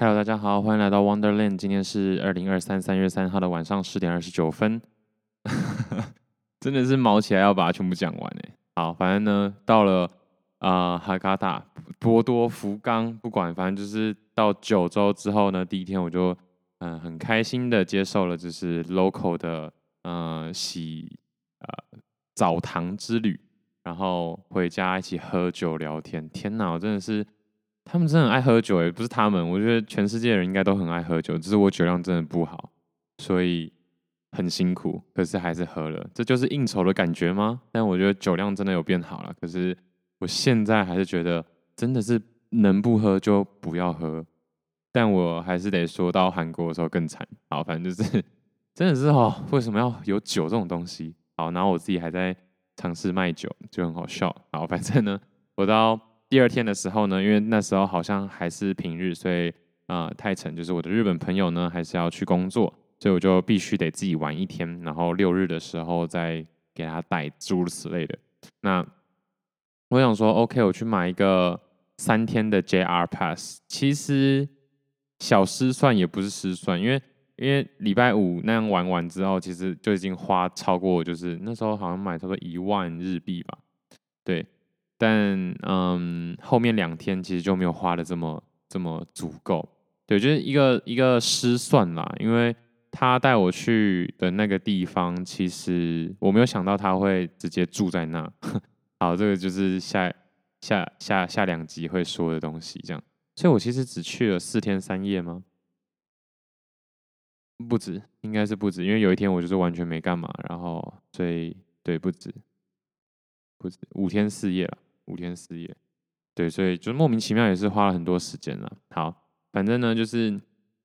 Hello，大家好，歡迎來到 Wonderland。今天是二零二三三月三號的晚上十點二十九分， 真的是毛起來要把它全部講完哎。好，反正呢，到了啊，哈卡塔，博多，多、福岡，不管反正就是到九州之後呢，第一天我就嗯、呃、很開心地接受了就是 local 的嗯、呃、洗呃澡堂之旅，然後回家一起喝酒聊天。天哪，我真的是。他們真的很愛喝酒，欸，也不是他們，我覺得全世界的人應該都很愛喝酒，只是我酒量真的不好，所以很辛苦，可是還是喝了，這就是應酬的感覺嗎？但我覺得酒量真的有變好了，可是我現在還是覺得真的是能不喝就不要喝，但我還是得說到韓國的時候更慘，好，反正就是真的是哦，為什麼要有酒這種東西？好，然後我自己還在嘗試賣酒，就很好笑，好，反正呢，我到。第二天的時候呢，因為那時候好像還是平日，所以啊、呃，太沉，就是我的日本朋友呢，還是要去工作，所以我就必須得自己玩一天，然後六日的時候再給他帶，諸如此類的。那我想說，OK，我去買一個三天的 JR Pass。其實小失算也不是失算，因為因為禮拜五那樣玩完之後，其實就已經花超過，就是那時候好像買差不多一萬日幣吧，對。但嗯，後面兩天其實就沒有花的這麼這麼足夠，對，就是一個一個失算啦，因為他帶我去的那個地方，其實我沒有想到他會直接住在那。 好，這個就是下下下下兩集會說的東西，這樣。所以我其實只去了四天三夜嗎？不止，應該是不止，因為有一天我就是完全沒幹嘛，然後所以對，不止，不止五天四夜了。五天四夜，對，所以就莫名其妙也是花了很多時間了。好，反正呢，就是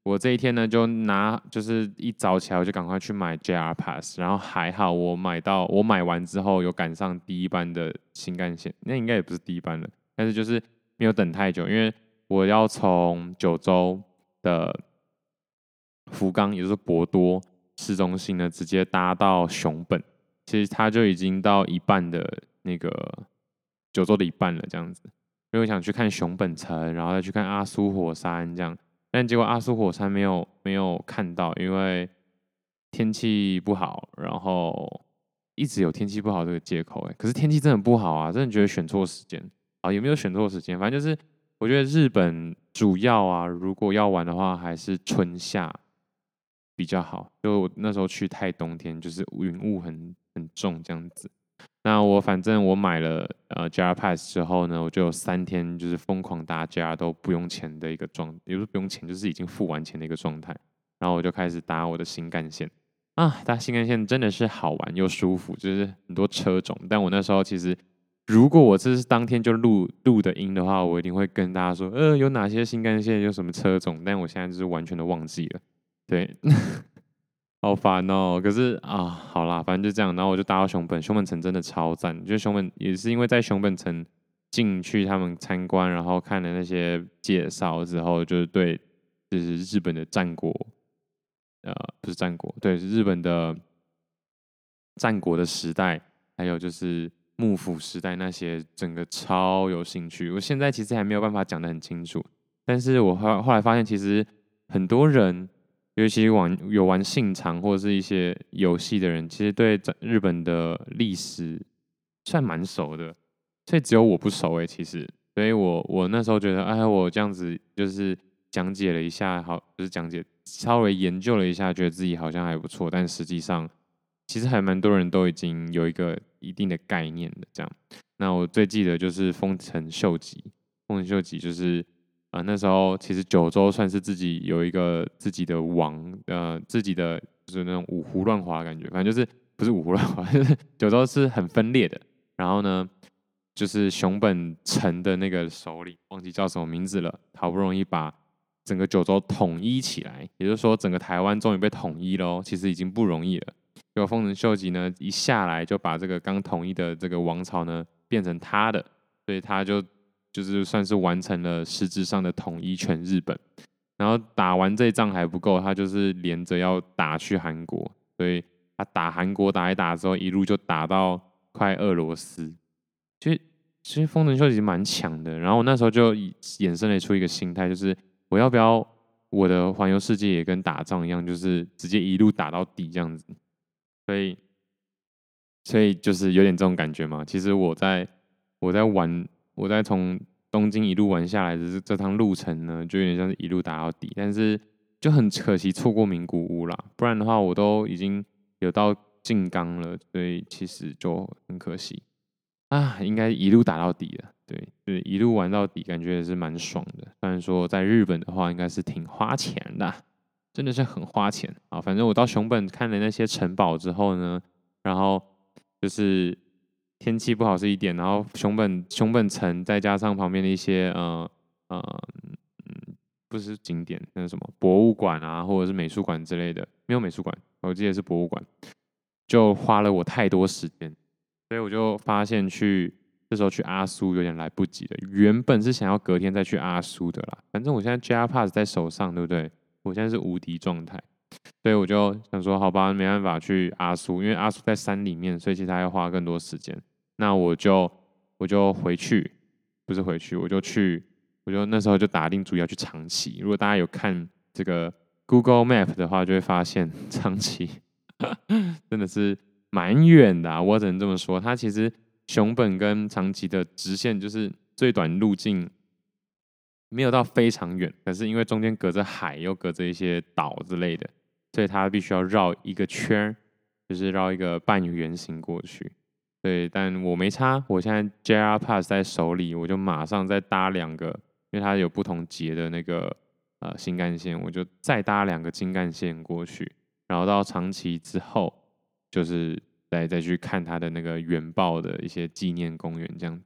我這一天呢，就拿就是一早起來我就趕快去買 JR Pass，然後還好我買到，我買完之後有趕上第一班的新幹線，那應該也不是第一班了，但是就是沒有等太久，因為我要從九州的福岡，也就是博多市中心呢，直接搭到熊本，其實它就已經到一半的那個九州的一半了，這樣子，因為想去看熊本城，然後再去看阿蘇火山這樣，但結果阿蘇火山沒有沒有看到，因為天氣不好，然後一直有天氣不好這個借口、欸，可是天氣真的不好啊，真的覺得選錯時間，啊，有沒有選錯時間？反正就是我覺得日本主要啊，如果要玩的話，還是春夏比較好，就我那時候去太冬天，就是雲霧很很重這樣子。那我反正我買了呃 JR Pass 之後呢，我就有三天就是瘋狂搭 JR 都不用錢的一個狀，也不是不用錢，就是已經付完錢的一個狀態。然後我就開始搭我的新幹線啊，搭新幹線真的是好玩又舒服，就是很多車種。但我那時候其實，如果我這是當天就錄錄的音的話，我一定會跟大家說，呃，有哪些新幹線，有什麼車種。但我現在就是完全都忘記了，對。 好煩哦、喔，可是啊，好啦，反正就這樣。然後我就搭到熊本，熊本城真的超讚。就熊本也是因為在熊本城進去，他們參觀，然後看了那些介紹之後，就是對，就是日本的戰國，呃，不是戰國，對，是日本的戰國的時代，還有就是幕府時代那些，整個超有興趣。我現在其實還沒有辦法講得很清楚，但是我後後來發現，其實很多人。尤其玩有玩信長或者是一些遊戲的人，其實對整日本的歷史算蠻熟的，所以只有我不熟，哎、欸，其實，所以我我那時候覺得，哎，我這樣子就是講解了一下，好，就是講解稍微研究了一下，覺得自己好像還不錯，但實際上其實還蠻多人都已經有一個一定的概念的這樣。那我最記得就是豐臣秀吉，豐臣秀吉就是。啊，那時候其實九州算是自己有一個自己的王，呃，自己的就是那種五胡亂華感覺，反正就是不是五胡亂華， 九州是很分裂的。然後呢，就是熊本城的那個首領忘記叫什麼名字了，好不容易把整個九州統一起來，也就是說整個台灣終於被統一嘍，其實已經不容易了。結果豐臣秀吉呢一下來就把這個剛統一的這個王朝呢變成他的，所以他就。就是算是完成了實質上的統一全日本，然後打完這一仗還不夠，他就是連着要打去韓國，所以他打韓國打一打之後，一路就打到快俄羅斯。所以所以其實其實豐臣秀吉蠻強的，然後我那時候就衍生了一出一個心態，就是我要不要我的環遊世界也跟打仗一樣，就是直接一路打到底這樣子。所以所以就是有點這種感覺嘛。其實我在我在玩。我在從東京一路玩下來，只是這趟路程呢，就有點像是一路打到底，但是就很可惜錯過名古屋啦，不然的話我都已經有到靜岡了，所以其實就很可惜。啊，應該一路打到底了，對，對，一路玩到底，感覺也是蠻爽的。但是說在日本的話，應該是挺花錢的，真的是很花錢啊。反正我到熊本看了那些城堡之後呢，然後就是。天氣不好是一點，然後熊本，熊本城再加上旁邊的一些呃呃、嗯，不是景點，那是什麼博物館啊，或者是美術館之類的，沒有美術館，我記得是博物館，就花了我太多時間，所以我就發現去這時候去阿蘇有點來不及了。原本是想要隔天再去阿蘇的啦，反正我現在 JR Pass 在手上，對不對？我現在是無敵狀態，所以我就想說好吧，沒辦法去阿蘇，因為阿蘇在山裡面，所以其實他要花更多時間。那我就我就回去，不是回去，我就去，我就那時候就打定主意要去長崎。如果大家有看這個 Google Map 的話，就會發現長崎真的是蠻遠的啊，我只能這麼說，它其實熊本跟長崎的直線就是最短路徑，沒有到非常遠。但是因為中間隔着海，又隔着一些島之類的，所以它必須要繞一個圈，就是繞一個半圓形過去。對，但我沒差，我現在 JR Pass 在手裡，我就馬上再搭兩個，因為它有不同節的那個呃新幹線，我就再搭兩個新幹線過去，然後到長崎之後，就是來再，再去看它的那個原爆的一些紀念公園這樣子。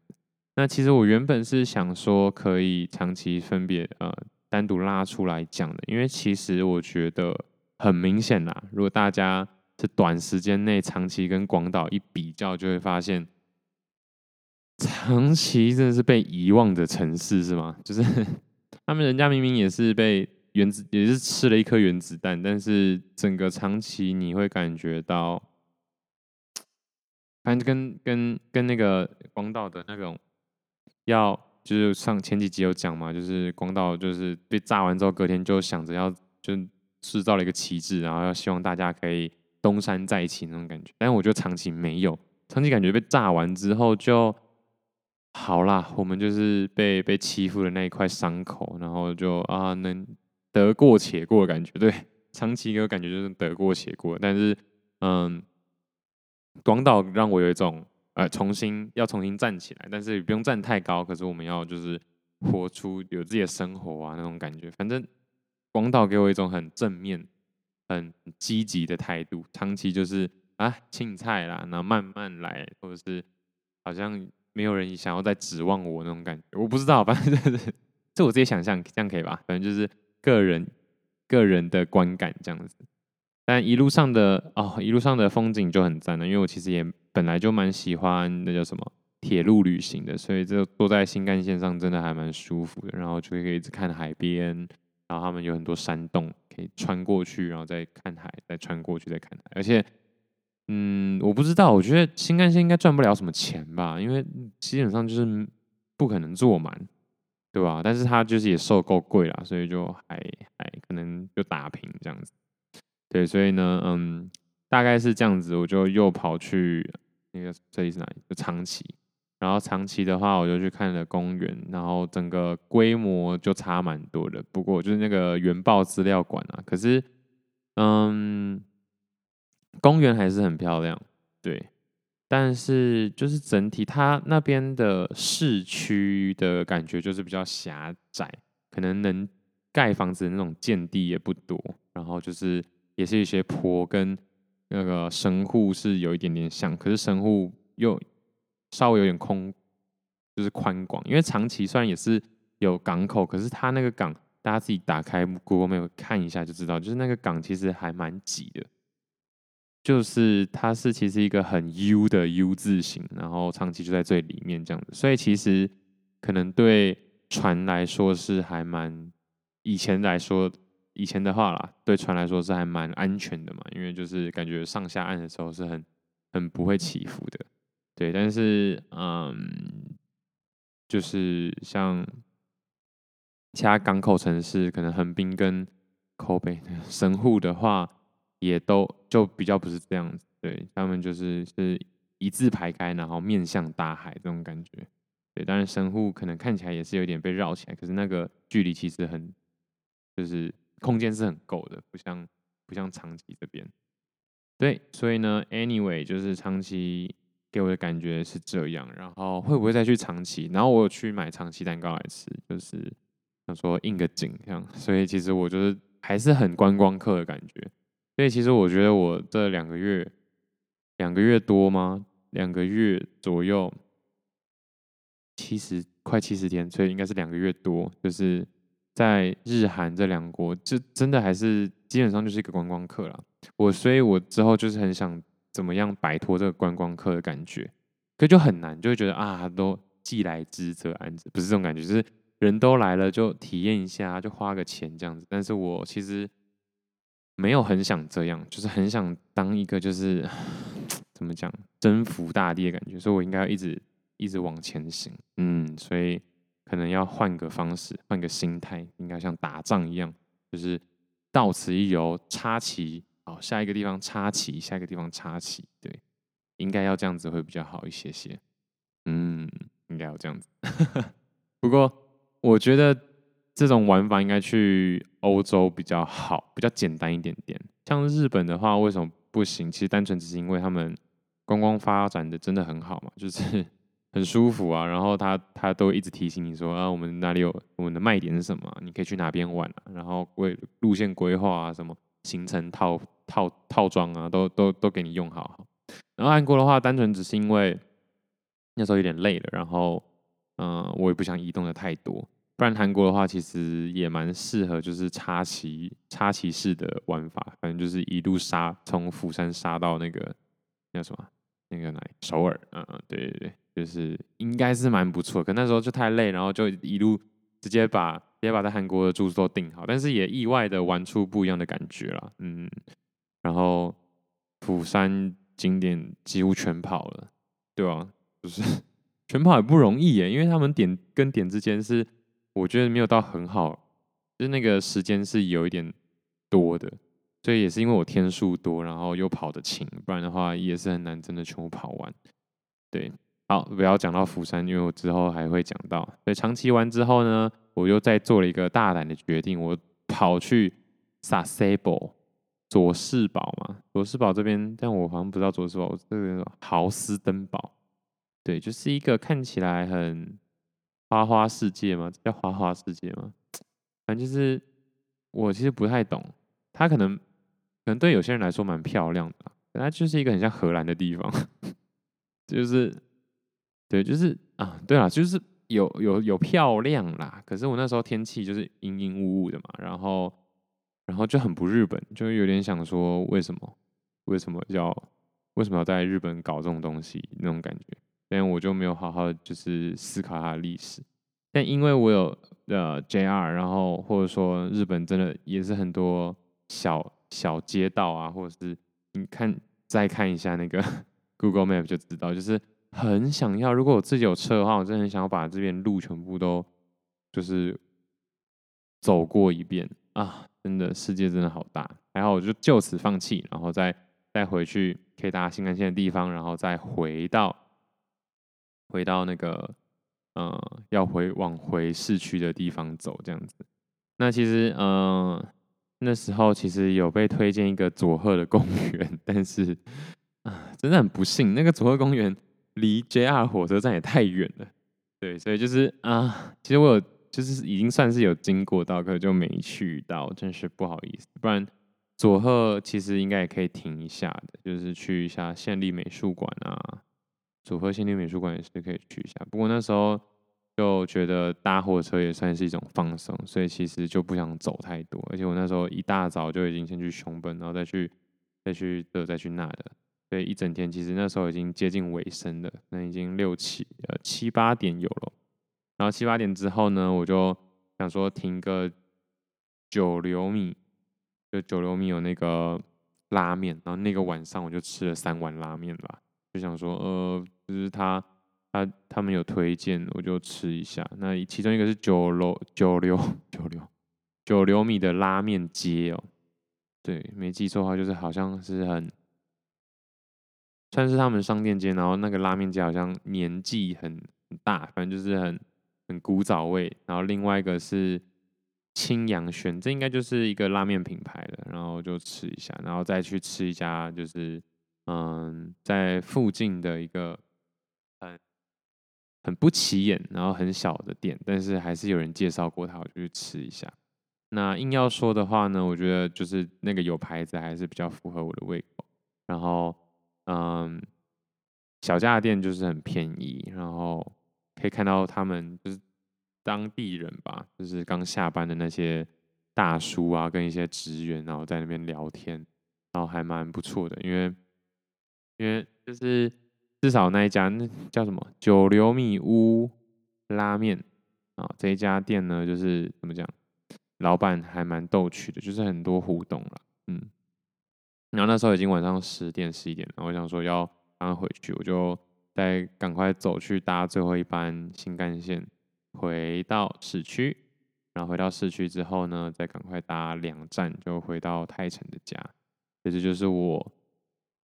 那其實我原本是想說可以長崎分別呃單獨拉出來講的，因為其實我覺得很明顯啦，如果大家，這短時間內，長崎跟廣島一比較，就會發現，長崎真的是被遺忘的城市，是嗎？就是他們人家明明也是被原子，也是吃了一顆原子彈，但是整個長崎，你會感覺到，反正跟跟跟那個廣島的那種，要就是上前幾集有講嘛，就是廣島就是被炸完之後，隔天就想着要就製造了一個旗幟，然後要希望大家可以。東山再起那種感覺，但我就長期沒有，長期感覺被炸完之後就好啦。我們就是被被欺負的那一塊傷口，然後就啊，能得過且過的感覺。對，長期給我感覺就是得過且過。但是，嗯，廣島讓我有一種，呃，重新要重新站起來，但是也不用站太高。可是我們要就是活出有自己的生活啊那種感覺。反正廣島給我一種很正面。很積極的態度，長期就是啊，青菜啦，然後慢慢來，或者是好像沒有人想要再指望我那種感覺，我不知道，反正就是這、就是、我自己想象，這樣可以吧？反正就是個人個人的觀感這樣子。但一路上的哦，一路上的風景就很讚了，因為我其實也本來就蠻喜歡那叫什麼鐵路旅行的，所以這個坐在新幹線上真的還蠻舒服的，然後就可以一直看海邊。然後他們有很多山洞可以穿過去，然後再看海，再穿過去再看海。而且，嗯，我不知道，我覺得新幹線應該賺不了什麼錢吧，因為基本上就是不可能坐滿，對吧？但是他就是也收夠貴了，所以就還還可能就打平這樣子。對，所以呢，嗯，大概是這樣子，我就又跑去那個這裡是哪裡？就長崎。然後長崎的話，我就去看了公園，然後整個規模就差蠻多的。不過就是那個原爆資料館啊，可是，嗯，公園還是很漂亮，對。但是就是整體它那邊的市區的感覺就是比較狹窄，可能能蓋房子的那種建地也不多。然後就是也是一些坡，跟那個神戶是有一點點像，可是神戶又。稍微有點空，就是寬廣，因為長崎雖然也是有港口，可是它那個港，大家自己打開 Google Map 看一下就知道，就是那個港其實還蠻擠的，就是它是其實一個很 U 的 U 字形，然後長崎就在最裡面這樣子，所以其實可能對船來說是還蠻，以前來說，以前的話啦，對船來說是還蠻安全的嘛，因為就是感覺上下岸的時候是很很不會起伏的。對，但是嗯，就是像其他港口城市，可能橫濱跟 Kobe，神戶的話，也都就比較不是這樣子。對，他們就是、就是一字排開，然後面向大海這種感覺。對，當然神戶可能看起來也是有點被繞起來，可是那個距離其實很，就是空間是很夠的，不像不像長崎這邊。對，所以呢，Anyway，就是長崎。給我的感覺是這樣，然後會不會再去長崎？然後我有去買長崎蛋糕來吃，就是想說應個景，這樣。所以其實我覺得還是很觀光客的感覺。所以其實我覺得我這兩個月，兩個月多嗎？兩個月左右，七十、快七十天，所以應該是兩個月多。就是在日韓這兩國，就真的還是基本上就是一個觀光客了。我所以，我之後就是很想，怎麼樣擺脫這個觀光客的感覺？可就很難，就會覺得啊，都既來之則安之，不是這種感覺，就是人都來了就體驗一下，就花個錢這樣子。但是我其實沒有很想這樣，就是很想當一個就是怎麼講，征服大地的感覺，所以我應該要一直一直往前行，嗯，所以可能要換個方式，換個心態，應該像打仗一樣，就是到此一遊，插旗。好，下一個地方插旗，下一個地方插旗，對，應該要這樣子會比較好一些些。嗯，應該要這樣子。 不過我覺得這種玩法應該去歐洲比較好，比較簡單一點點。像日本的話，為什麼不行？其實單純只是因為他們觀光發展的真的很好嘛，就是很舒服啊。然後他他都一直提醒你說啊，我們哪裡有，我們的賣點是什麼啊，你可以去哪邊玩啊？然後為路線規劃啊，什麼行程套。套套裝啊，都都都給你用好。好，然後韓國的話，單純只是因為那時候有點累了，然後嗯，我也不想移動的太多。不然韓國的話，其實也蠻適合，就是插旗插旗式的玩法，反正就是一路殺從釜山殺到那個那什麼那個哪，首爾，嗯嗯，對對對，就是應該是蠻不錯。可那時候就太累，然後就一路直接把直接把在韓國的住宿都訂好，但是也意外的玩出不一樣的感覺了，嗯。然後釜山景點幾乎全跑了，對啊，就是全跑也不容易耶，因為他們點跟點之間是我覺得沒有到很好，就是那個時間是有一點多的，所以也是因為我天數多，然後又跑得勤，不然的話也是很難真的全部跑完。對，好，不要講到釜山，因為我之後還會講到。在長崎完之後呢，我又再做了一個大膽的決定，我跑去佐世保佐世保嘛，佐世保這邊，但我好像不知道佐世保我這個豪斯登堡，對，就是一個看起來很花花世界嘛，叫花花世界嘛。反正就是我其實不太懂，它可能可能對有些人來說蠻漂亮的啦，但它就是一個很像荷蘭的地方，就是對，就是啊，對啊，就是有有有漂亮啦，可是我那時候天氣就是陰陰霧霧的嘛，然後。然後就很不日本，就有點想說為什麼為什麼要為什麼要在日本搞這種東西那種感覺。但我就沒有好好就是思考它的歷史。但因為我有呃 JR，然後或者說日本真的也是很多小小街道啊，或者是你看再看一下那個 Google Map 就知道，就是很想要，如果我自己有車的話，我真的很想要把這邊路全部都就是走過一遍。啊，真的，世界真的好大，還好我就就此放棄，然後再再回去可以搭新幹線的地方，然後再回到回到那個呃，要回往回市區的地方走這樣子。那其實，嗯、呃，那時候其實有被推薦一個佐賀的公園，但是啊，真的很不幸，那個佐賀公園離 JR 火車站也太遠了。對，所以就是啊，其實我有。就是已經算是有經過到，可是就沒去到，真是不好意思。不然佐賀其實應該也可以停一下的，就是去一下縣立美術館啊，佐賀縣立美術館也是可以去一下。不過那時候就覺得搭火車也算是一種放鬆，所以其實就不想走太多。而且我那時候一大早就已經先去熊本，然後再去，再去這再去那的，所以一整天其實那時候已經接近尾聲了，那已經六七呃七八點有了。然後七八點之後呢，我就想說停個久留米，就久留米有那個拉麵，然後那個晚上我就吃了三碗拉麵吧，就想說呃，就是他他他們有推薦，我就吃一下。那其中一個是久留久留久留久留米的拉麵街哦，對，沒記錯的話就是好像是很算是他們商店街，然後那個拉麵街好像年紀很大，反正就是很。很古早味，然後另外一個是清陽軒，這應該就是一個拉面品牌的，然後我就吃一下，然後再去吃一家就是嗯，在附近的一個很很不起眼，然後很小的店，但是還是有人介紹過它，我就去吃一下。那硬要說的話呢，我覺得就是那個有牌子，還是比較符合我的胃口，然後嗯，小家的店就是很便宜，然後。可以看到他們就是當地人吧，就是剛下班的那些大叔啊，跟一些職員，然後在那邊聊天，然後還蠻不錯的，因為因為就是至少那一家那叫什麼久留米屋拉面啊，這一家店呢，就是怎麼講，老板還蠻逗趣的，就是很多互動了，嗯，然後那時候已經晚上十點十一點，然後我想說要趕快回去，我就。再趕快走去搭最後一班新幹線，回到市區，然後回到市區之後呢，再趕快搭兩站就回到泰城的家。這這就是我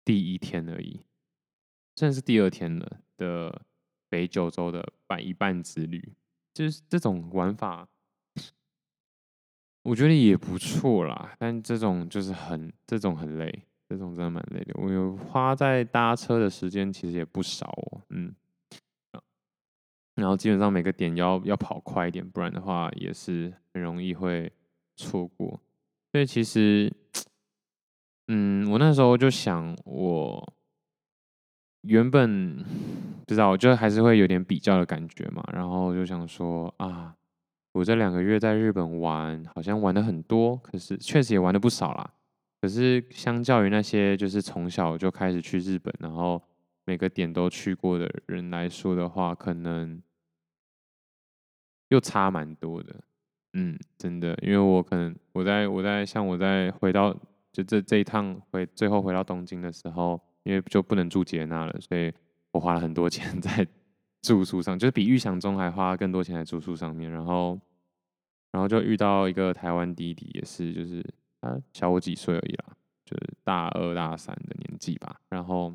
第一天而已，現在是第二天了的北九州的半一半之旅，就是這種玩法，我覺得也不錯啦。但這種就是很，這種很累。這種真的蠻累的，我有花在搭車的時間，其實也不少哦。嗯，然後基本上每個點要要跑快一點，不然的話也是很容易會錯過。所以其實，嗯，我那時候就想，我原本不知道，我就還是會有點比較的感覺嘛。然後我就想說啊，我這兩個月在日本玩，好像玩的很多，可是確實也玩的不少啦。可是，相較於那些就是從小就開始去日本，然後每個點都去過的人來說的話，可能又差蠻多的。嗯，真的，因為我可能我在我在像我在回到就這這一趟回最後回到東京的時候，因為就不能住捷納了，所以我花了很多錢在住宿上，就是比預想中還花更多錢在住宿上面。然後，然後就遇到一個台灣弟弟，也是就是。啊，小我幾歲而已啦、啊，就是大二大三的年紀吧。然後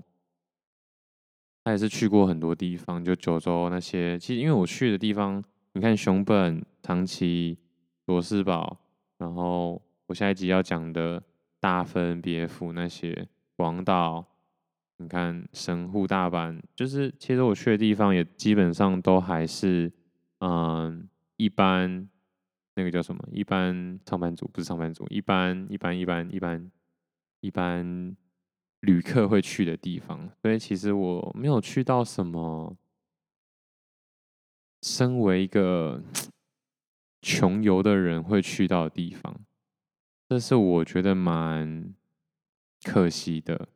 他也是去過很多地方，就九州那些。其實因為我去的地方，你看熊本、長崎、佐世保，然後我下一集要講的大分、別府那些，廣島，你看神戶、大阪，就是其實我去的地方也基本上都還是嗯一般。那個叫什麼？一般上班族不是上班族，一般一般一般一般一般旅客會去的地方，所以其實我沒有去到什麼身為一個窮遊的人會去到的地方，這是我覺得蠻可惜的。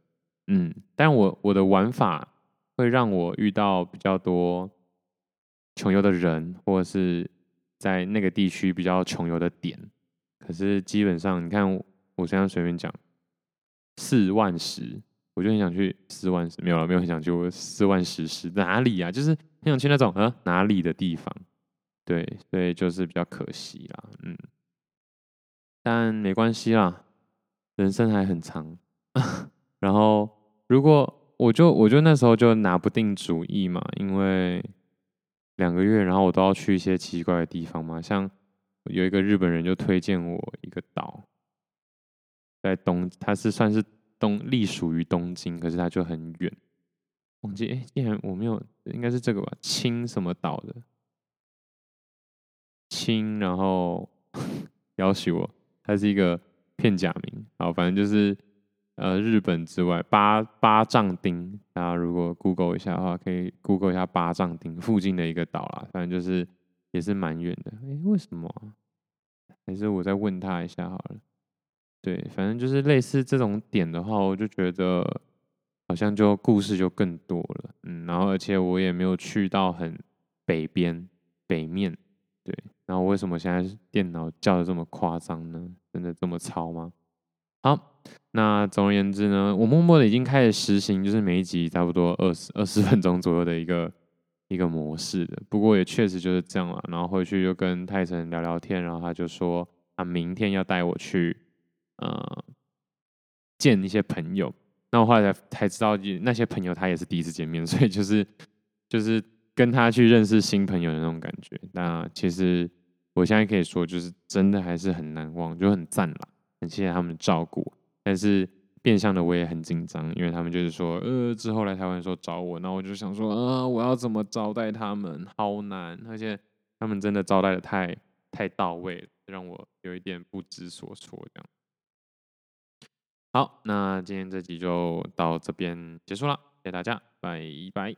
嗯，但我我的玩法會讓我遇到比較多窮遊的人，或者是。在那個地區比較窮游的點，可是基本上你看我，我現在隨便講，四萬十，我就很想去四萬十，沒有了，沒有很想去四萬十是哪裡啊？就是很想去那種呃哪裡的地方，對，所以就是比較可惜啦，嗯，但沒關係啦，人生還很長。呵呵，然後如果我就我就那時候就拿不定主意嘛，因為。兩個月，然後我都要去一些奇怪的地方嘛。像有一個日本人就推薦我一個島，在東，它是算是東，隸屬於東京，可是它就很遠。忘記，哎，竟、欸、然我沒有，應該是這個吧？青什麼島的？青，然後不要許我，它是一個片假名，好，反正就是。呃，日本之外，八八丈町，大家如果 Google 一下的話，可以 Google 一下八丈町附近的一個島啦。反正就是也是蠻遠的。誒、欸，為什麼、啊？還是我再問他一下好了。對，反正就是類似這種點的話，我就覺得好像就故事就更多了。嗯，然後而且我也沒有去到很北邊、北面。對，然後為什麼現在電腦叫得這麼誇張呢？真的這麼吵嗎？好，那總而言之呢，我默默的已經開始實行，就是每一集差不多二十二十分鐘左右的一個一個模式的。不過也確實就是這樣了。然後回去就跟泰成聊聊天，然後他就說啊，明天要帶我去，呃，見一些朋友。那我後來才知道那些朋友他也是第一次見面，所以就是就是跟他去認識新朋友的那種感覺。那其實我現在可以說，就是真的還是很難忘，就很贊了。很謝謝他們照顧，但是變相的我也很緊張，因為他們就是說，呃，之後來台灣說找我，那我就想說，啊，我要怎麼招待他們？好難，而且他們真的招待得太太到位，讓我有一點不知所措。這樣，好，那今天這集就到這邊結束了，謝謝大家，拜拜。